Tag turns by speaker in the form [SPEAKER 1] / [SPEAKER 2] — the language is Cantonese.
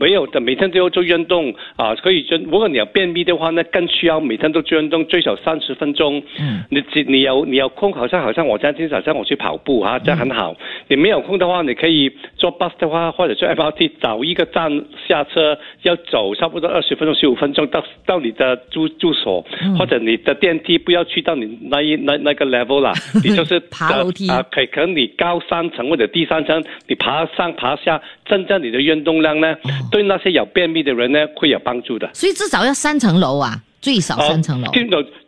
[SPEAKER 1] 沒有的，的每天都要做運動啊、呃，可以，如果你有便秘的話呢，呢更需要每天都做運動，最少三十分鐘。嗯。你你有你有空，好像好像我最近早上我去跑步啊，這樣很好。嗯、你沒有空的話，你可以坐 bus 的話，或者坐 MRT 找一個站下車，要走差不多二十分鐘，十五分鐘到到你的住住所，嗯、或者你的電梯不要去到你那一那那個 level 啦，你就是 爬樓梯啊，可、呃、可能你高三層或者低三層，你爬上爬下，增加你的運動量呢。嗯對那些有便秘的人呢，會有幫助的。所以至
[SPEAKER 2] 少要三層樓啊，最少三層樓。
[SPEAKER 1] 哦